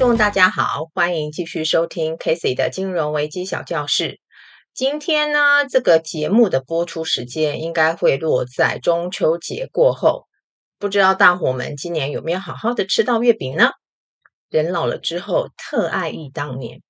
聽眾大家好，歡迎繼續收聽 Casey 的金融危機小教室。今天呢，這個節目的播出時間應該會落在中秋節過後。不知道大夥們今年有沒有好好的吃到月餅呢？人老了之後特愛憶當年，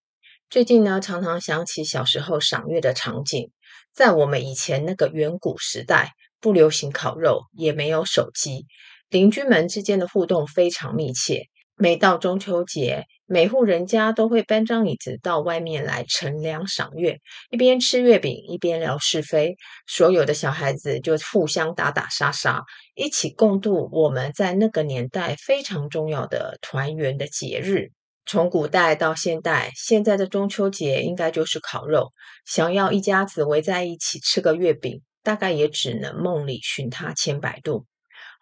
最近呢常常想起小時候賞月的場景。在我們以前那個遠古時代，不流行烤肉，也沒有手機，鄰居們之間的互動非常密切。每到中秋節，每戶人家都會搬張椅子到外面來乘涼賞月，一邊吃月餅，一邊聊是非。所有的小孩子就互相打打殺殺，一起共度我們在那個年代非常重要的團圓的節日。從古代到現代，現在的中秋節應該就是烤肉。想要一家子圍在一起吃個月餅，大概也只能夢裡尋他千百度。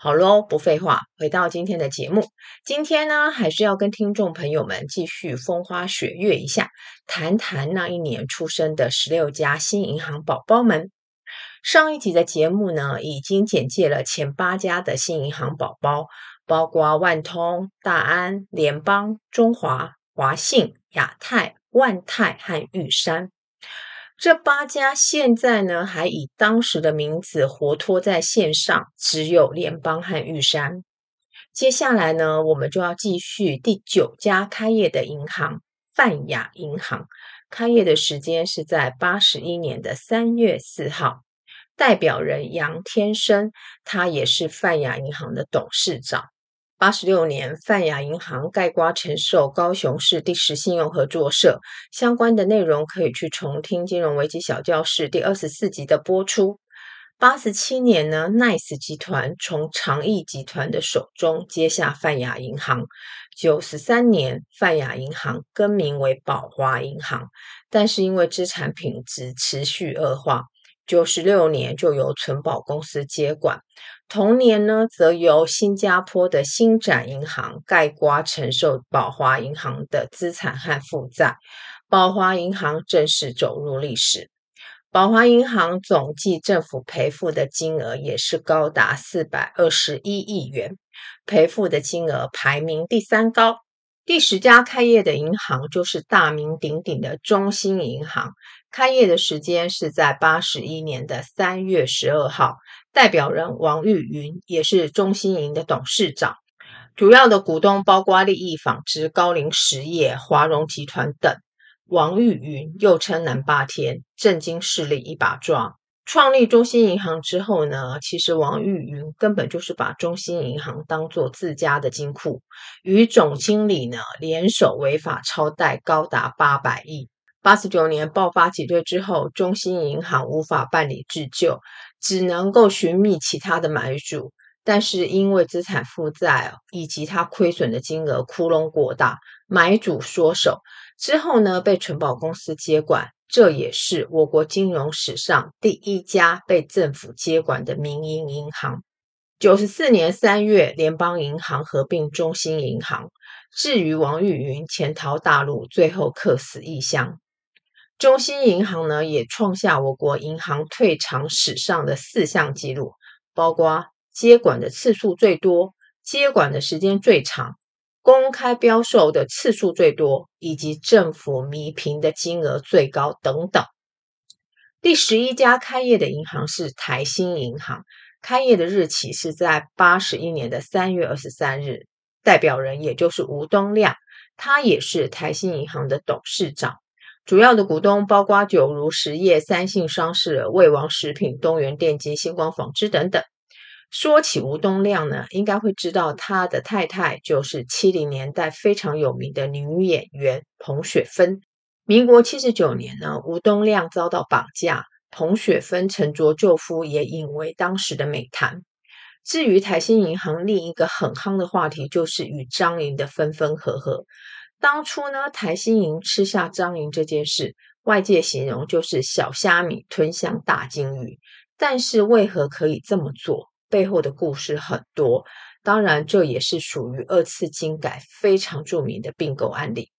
好咯，不廢話，回到今天的節目。今天呢，還是要跟聽眾朋友們繼續風花雪月一下，談談那一年出生的十六家新銀行寶寶們。上一集的節目呢，已經簡介了前八家的新銀行寶寶，包括萬通、大安、聯邦、中華、華信、亞太、萬泰和玉山。這八家現在呢，還以當時的名字活脫在線上，只有聯邦和玉山。接下來呢，我們就要繼續第九家開業的銀行——泛亞銀行。開業的時間是在八十一年的三月四號，代表人楊天生，他也是泛亞銀行的董事長。八十六年，泛亞銀行概括承受高雄市第十信用合作社相關的內容，可以去重聽《金融危機小教室》第二十四集的播出。八十七年呢，Nice 集團從長益集團的手中接下泛亞銀行。九十三年，泛亞銀行更名為寶華銀行，但是因為資產品質持續惡化。九十六年就由存保公司接管，同年呢，則由新加坡的星展銀行概括承受寶華銀行的資產和負債，寶華銀行正式走入歷史。寶華銀行總計政府賠付的金額也是高達四百二十一億元，賠付的金額排名第三高。第十家開業的銀行就是大名鼎鼎的中興銀行。開業的時間是在八十一年的三月十二號，代表人王玉雲也是中興銀的董事長，主要的股東包括立益紡織、高齡實業、華榮集團等。王玉雲又稱南霸天，政經勢力一把抓。創立中興銀行之後呢，其實王玉雲根本就是把中興銀行當做自家的金庫，與總經理呢聯手違法超貸高達八百億。八十九年爆發擠兌之後，中興銀行無法辦理自救，只能夠尋覓其他的買主。但是因為資產負債以及它虧損的金額窟窿過大，買主縮手之後呢，被存保公司接管。這也是我國金融史上第一家被政府接管的民營銀行。九十四年三月，聯邦銀行合併中興銀行。至於王玉雲潛逃大陸，最後客死異鄉。中興銀行呢，也創下我國銀行退場史上的四項紀錄，包括接管的次數最多、接管的時間最長、公開標售的次數最多，以及政府彌平的金額最高等等。第十一家開業的銀行是台新銀行，開業的日期是在八十一年的三月二十三日，代表人也就是吳東亮，他也是台新銀行的董事長。主要的股東包括九如實業、三信商事、味王食品、東元電機、星光紡織等等。說起吳東亮呢，應該會知道他的太太就是七零年代非常有名的女演員彭雪芬。民國七十九年呢，吳東亮遭到綁架，彭雪芬沉著救夫也引為當時的美談。至於台新銀行另一個很夯的話題，就是與彰銀的分分合合。當初呢，台新銀吃下彰銀這件事，外界形容就是小蝦米吞下大鯨魚。但是為何可以這麼做？背後的故事很多，當然這也是屬於二次金改非常著名的併購案例。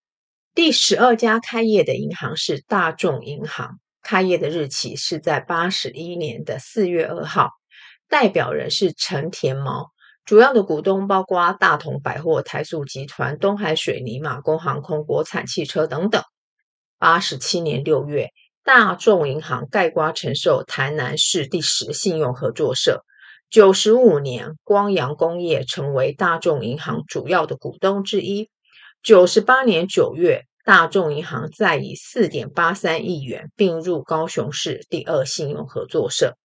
第十二家開業的銀行是大眾銀行，開業的日期是在八十一年的四月二號，代表人是陳田錨。主要的股東包括大同百貨、台塑集團、東海水泥、馬公航空、國產汽車等等。八十七年六月，大眾銀行概括承受台南市第十信用合作社；九十五年，光陽工業成為大眾銀行主要的股東之一；九十八年九月，大眾銀行再以四點八三億元併入高雄市第二信用合作社。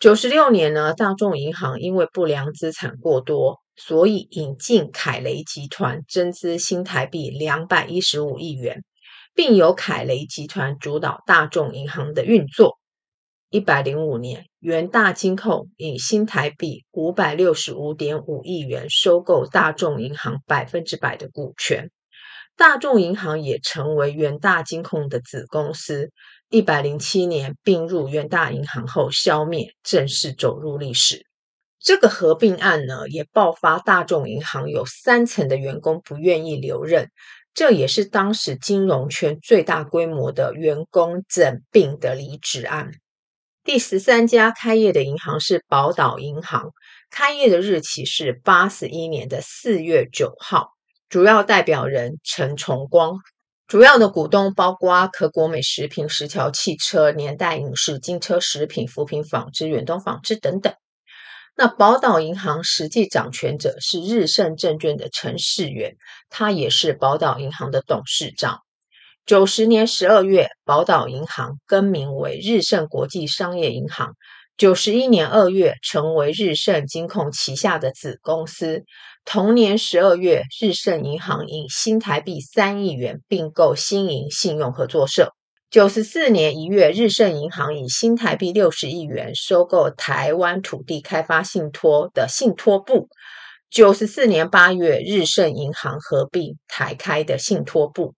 九十六年呢，大眾銀行因為不良資產過多，所以引進凱雷集團增資新台幣兩百一十五億元，並由凱雷集團主導大眾銀行的運作。一百零五年，元大金控以新台幣五百六十五點五億元收購大眾銀行百分之百的股權，大眾銀行也成為元大金控的子公司。一百零七年併入元大銀行後，消滅，正式走入歷史。這個合併案呢，也爆發大眾銀行有三層的員工不願意留任，這也是當時金融圈最大規模的員工整併的離職案。第十三家開業的銀行是寶島銀行，開業的日期是八十一年的四月九號，主要代表人陳崇光。主要的股東包括可果美食品、石橋汽車、年代影視、金車食品、扶貧紡織、遠東紡織等等。那寶島銀行實際掌權者是日盛證券的陳世元，他也是寶島銀行的董事長。九十年十二月，寶島銀行更名為日盛國際商業銀行；九十一年二月，成為日盛金控旗下的子公司。同年十二月，日盛銀行以新台幣三億元併購新營信用合作社。九十四年一月，日盛銀行以新台幣六十億元收購台灣土地開發信託的信託部。九十四年八月，日盛銀行合併台開的信託部。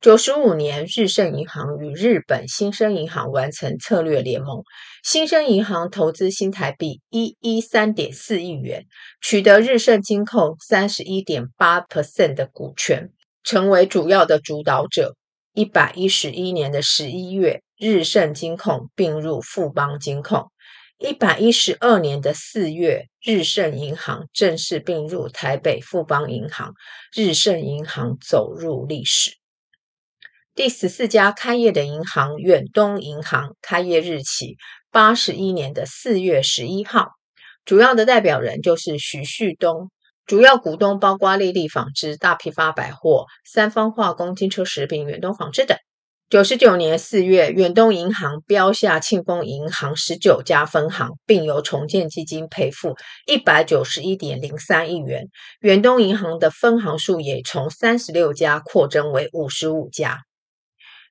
九十五年，日盛銀行與日本新生銀行完成策略聯盟。新生銀行投資新台幣一一三點四億元，取得日盛金控三十一點八 percent 的股權，成為主要的主導者。一百一十一年的十一月，日盛金控併入富邦金控。一百一十二年的四月，日盛銀行正式併入台北富邦銀行，日盛銀行走入歷史。第十四家開業的銀行遠東銀行，開業日期八十一年的四月十一號，主要的代表人就是徐旭東，主要股東包括麗麗紡織、大批發百貨、三方化工、金車食品、遠東紡織等。九十九年四月，遠東銀行標下慶豐銀行十九家分行，並由重建基金賠付一百九十一點零三億元，遠東銀行的分行數也從三十六家擴增為五十五家。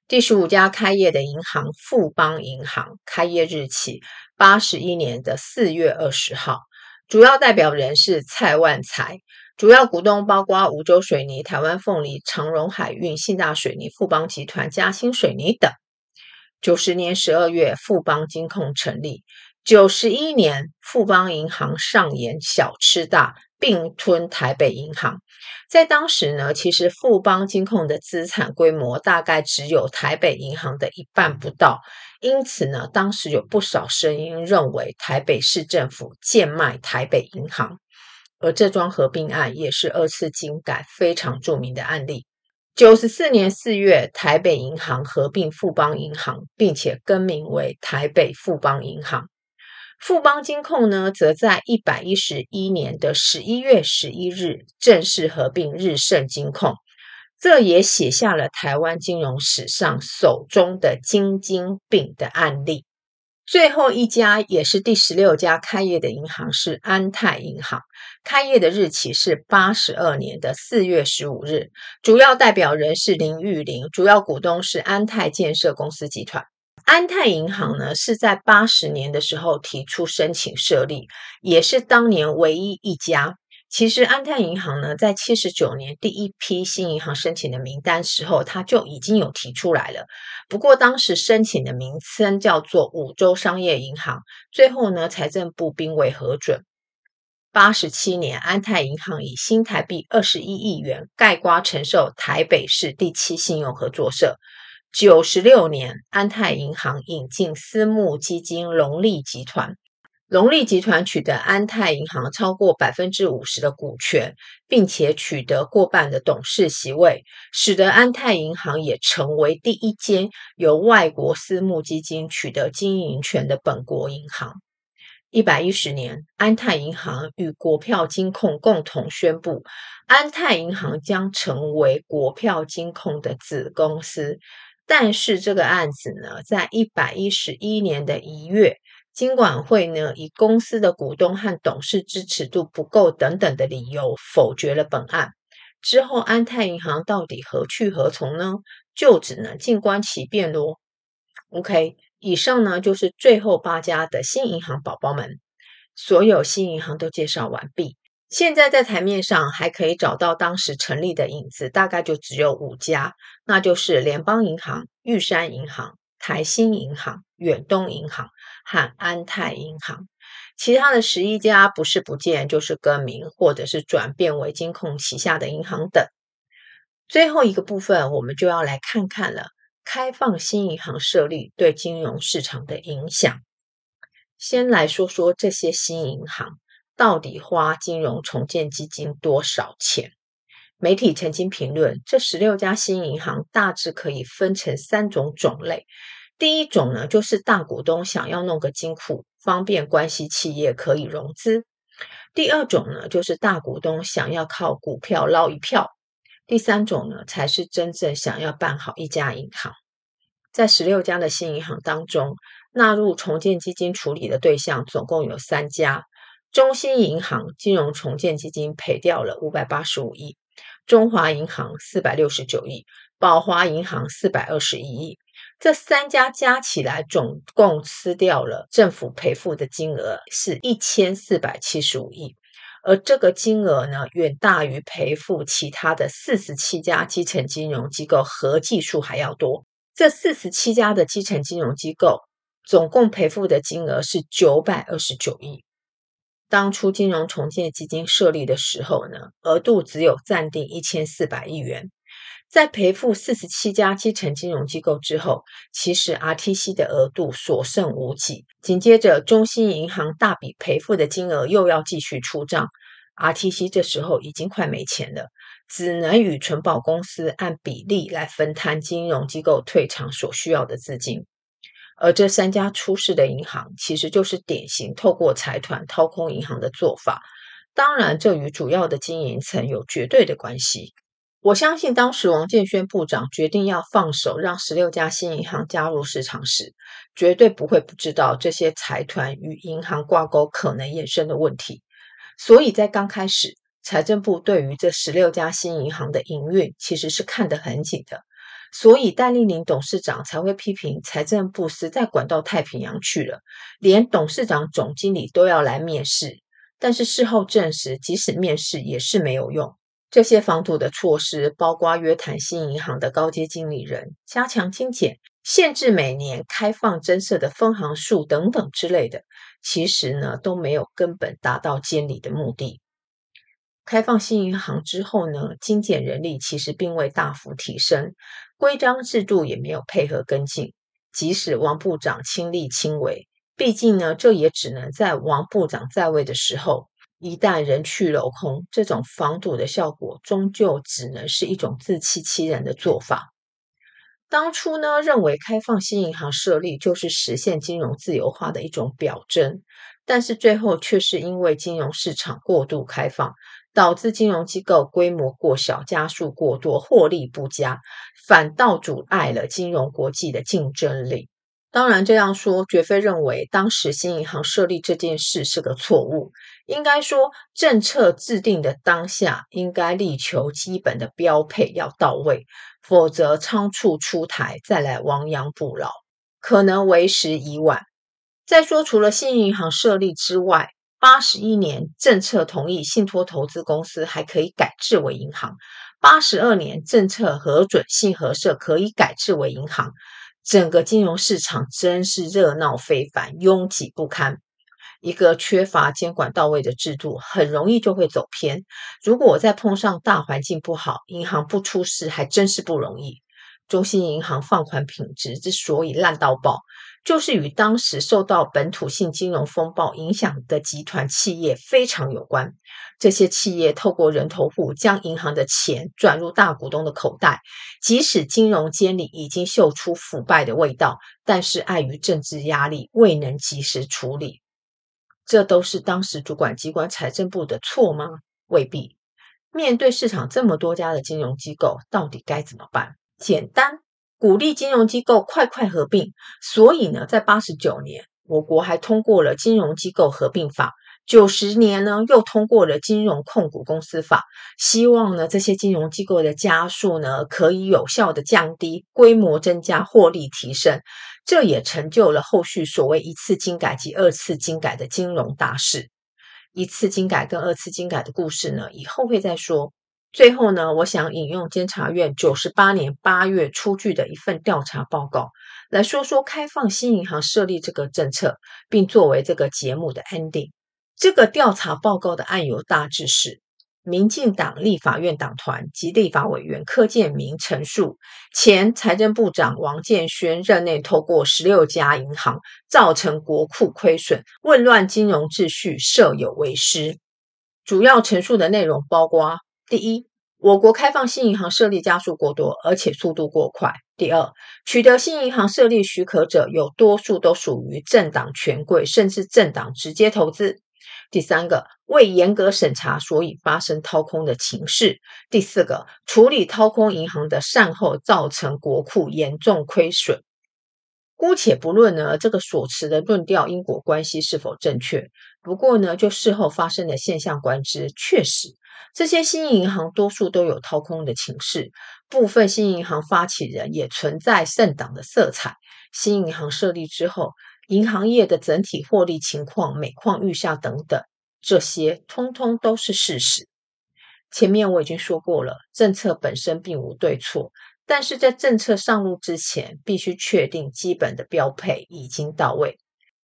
第十五家開業的銀行富邦銀行開業日期八十一年的四月二十號，主要代表人是蔡萬才，主要股東包括五州水泥、台灣鳳梨、長榮海運、信大水泥、富邦集團、嘉興水泥等。九十年十二月，富邦金控成立；九十一年，富邦銀行上演小吃大。併吞台北銀行，在當時呢，其實富邦金控的資產規模大概只有台北銀行的一半不到，因此呢，當時有不少聲音認為台北市政府賤賣台北銀行，而這樁合併案也是二次金改非常著名的案例。九十四年四月，台北銀行合併富邦銀行，並且更名為台北富邦銀行。富邦金控呢，則在一百一十一年的十一月十一日正式合併日盛金控，這也寫下了台灣金融史上首宗的“金金併”的案例。最後一家也是第十六家開業的銀行是安泰銀行，開業的日期是八十二年的四月十五日，主要代表人是林玉玲，主要股東是安泰建設公司集團。安泰銀行呢，是在八十年的時候提出申請設立，也是當年唯一一家。其實安泰銀行呢，在七十九年第一批新銀行申請的名單時候，它就已經有提出來了。不過當時申請的名稱叫做五洲商業銀行，最後呢，財政部並未核准。八十七年，安泰銀行以新台幣二十一億元概括承受台北市第七信用合作社。九十六年，安泰銀行引進私募基金隆力集團，隆力集團取得安泰銀行超過百分之五十的股權，並且取得過半的董事席位，使得安泰銀行也成為第一間由外國私募基金取得經營權的本國銀行。一百一十年，安泰銀行與國票金控共同宣布，安泰銀行將成為國票金控的子公司。但是這個案子呢，在一百一十一年的一月，金管會呢以公司的股東和董事支持度不夠等等的理由否決了本案。之後，安泰銀行到底何去何從呢？就只能靜觀其變咯。OK，以上呢就是最後八家的新銀行寶寶們，所有新銀行都介紹完畢。現在在台面上還可以找到當時成立的影子，大概就只有五家，那就是聯邦銀行、玉山銀行、台新銀行、遠東銀行和安泰銀行。其他的十一家不是不見，就是更名，或者是轉變為金控旗下的銀行等。最後一個部分，我們就要來看看了，開放新銀行設立對金融市場的影響。先來說說這些新銀行。到底花金融重建基金多少錢？媒體曾經評論，這十六家新銀行大致可以分成三種種類。第一種呢，就是大股東想要弄個金庫，方便關係企業可以融資；第二種呢，就是大股東想要靠股票撈一票；第三種呢，才是真正想要辦好一家銀行。在十六家的新銀行當中，納入重建基金處理的對象總共有三家。中信銀行金融重建基金賠掉了五百八十五億，中華銀行四百六十九億，寶華銀行四百二十一億，這三家加起來總共吃掉了政府賠付的金額是一千四百七十五億，而這個金額呢，遠大於賠付其他的四十七家基層金融機構合計數還要多。這四十七家的基層金融機構總共賠付的金額是九百二十九億。當初金融重建基金設立的時候呢，額度只有暫定一千四百億元。在賠付四十七家基層金融機構之後，其實 RTC 的額度所剩無幾。緊接着，中興銀行大筆賠付的金額又要繼續出賬，RTC 這時候已經快沒錢了，只能與存保公司按比例來分攤金融機構退場所需要的資金。而這三家出事的銀行，其實就是典型透過財團掏空銀行的做法。當然，這與主要的經營層有絕對的關係。我相信當時王建煊部長決定要放手讓十六家新銀行加入市場時，絕對不會不知道這些財團與銀行掛鈎可能衍生的問題。所以在剛開始，財政部對於這十六家新銀行的營運，其實是看得很緊的。所以，戴立寧董事長才會批評財政部實在管到太平洋去了，連董事長、總經理都要來面試。但是事後證實，即使面試也是沒有用。這些防堵的措施，包括約談新銀行的高階經理人、加強金檢、限制每年開放增設的分行數等等之類的，其實呢都沒有根本達到監理的目的。開放新銀行之後呢，金檢人力其實並未大幅提升。規章制度也沒有配合跟進，即使王部長親力親為，畢竟呢，這也只能在王部長在位的時候。一旦人去樓空，這種防堵的效果終究只能是一種自欺欺人的做法。當初呢，認為開放新銀行設立就是實現金融自由化的一種表徵。但是最後卻是因為金融市場過度開放，導致金融機構規模過小、加速過多、獲利不佳，反倒阻礙了金融國際的競爭力。當然這樣說，絕非認為當時新銀行設立這件事是個錯誤。應該說，政策制定的當下，應該力求基本的標配要到位，否則倉促出台，再來亡羊補牢，可能為時已晚。再說，除了新銀行設立之外，八十一年政策同意信託投資公司還可以改制為銀行；八十二年政策核准信合社可以改制為銀行。整個金融市場真是熱鬧非凡，擁擠不堪。一個缺乏監管到位的制度，很容易就會走偏。如果我再碰上大環境不好，銀行不出事還真是不容易。中興銀行放款品質之所以爛到爆，就是與當時受到本土性金融風暴影響的集團企業非常有關。這些企業透過人頭戶將銀行的錢轉入大股東的口袋，即使金融監理已經嗅出腐敗的味道，但是礙於政治壓力，未能及時處理。這都是當時主管機關財政部的錯嗎？未必。面對市場這麼多家的金融機構，到底該怎麼辦？簡單。鼓勵金融機構快快合併，所以呢，在八十九年，我國還通過了《金融機構合併法》；九十年呢，又通過了《金融控股公司法》，希望呢，這些金融機構的家數呢，可以有效的降低，規模增加，獲利提升。這也成就了後續所謂一次金改及二次金改的金融大事。一次金改跟二次金改的故事呢，以後會再說。最後呢，我想引用監察院九十八年八月出具的一份調查報告，來說說開放新銀行設立這個政策，並作為這個節目的 ending。這個調查報告的案由大致是：民進黨立法院黨團及立法委員柯建銘陳述，前財政部長王建煊任內透過十六家銀行造成國庫虧損、混亂金融秩序，涉有違失。主要陳述的內容包括。第一，我國開放新銀行設立家數過多，而且速度過快。第二，取得新銀行設立許可者，有多數都屬於政黨權貴，甚至政黨直接投資。第三個，未嚴格審查，所以發生掏空的情勢。第四個，處理掏空銀行的善後，造成國庫嚴重虧損。姑且不論呢這個所持的論調因果關係是否正確，不過呢，就事後發生的現象觀之，確實。這些新銀行多數都有掏空的情勢，部分新銀行發起人也存在政黨的色彩。新銀行設立之後，銀行業的整體獲利情況每況愈下，等等，這些通通都是事實。前面我已經說過了，政策本身並無對錯，但是在政策上路之前，必須確定基本的標配已經到位。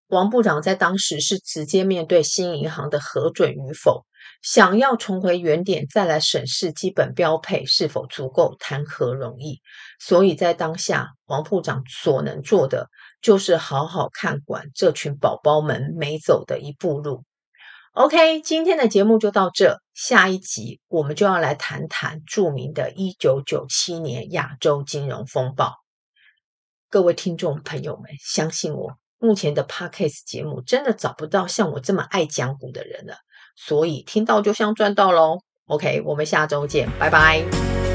王部長在當時是直接面對新銀行的核准與否。想要重回原點，再來審視基本標配是否足夠，談何容易？所以在當下，王部長所能做的就是好好看管這群寶寶們沒走的一步路。OK，今天的節目就到這，下一集我們就要來談談著名的1997年亞洲金融風暴。各位聽眾朋友們，相信我，目前的 Podcast 節目真的找不到像我這麼愛講古的人了。所以聽到就像賺到嘍，OK，我們下周見，拜拜。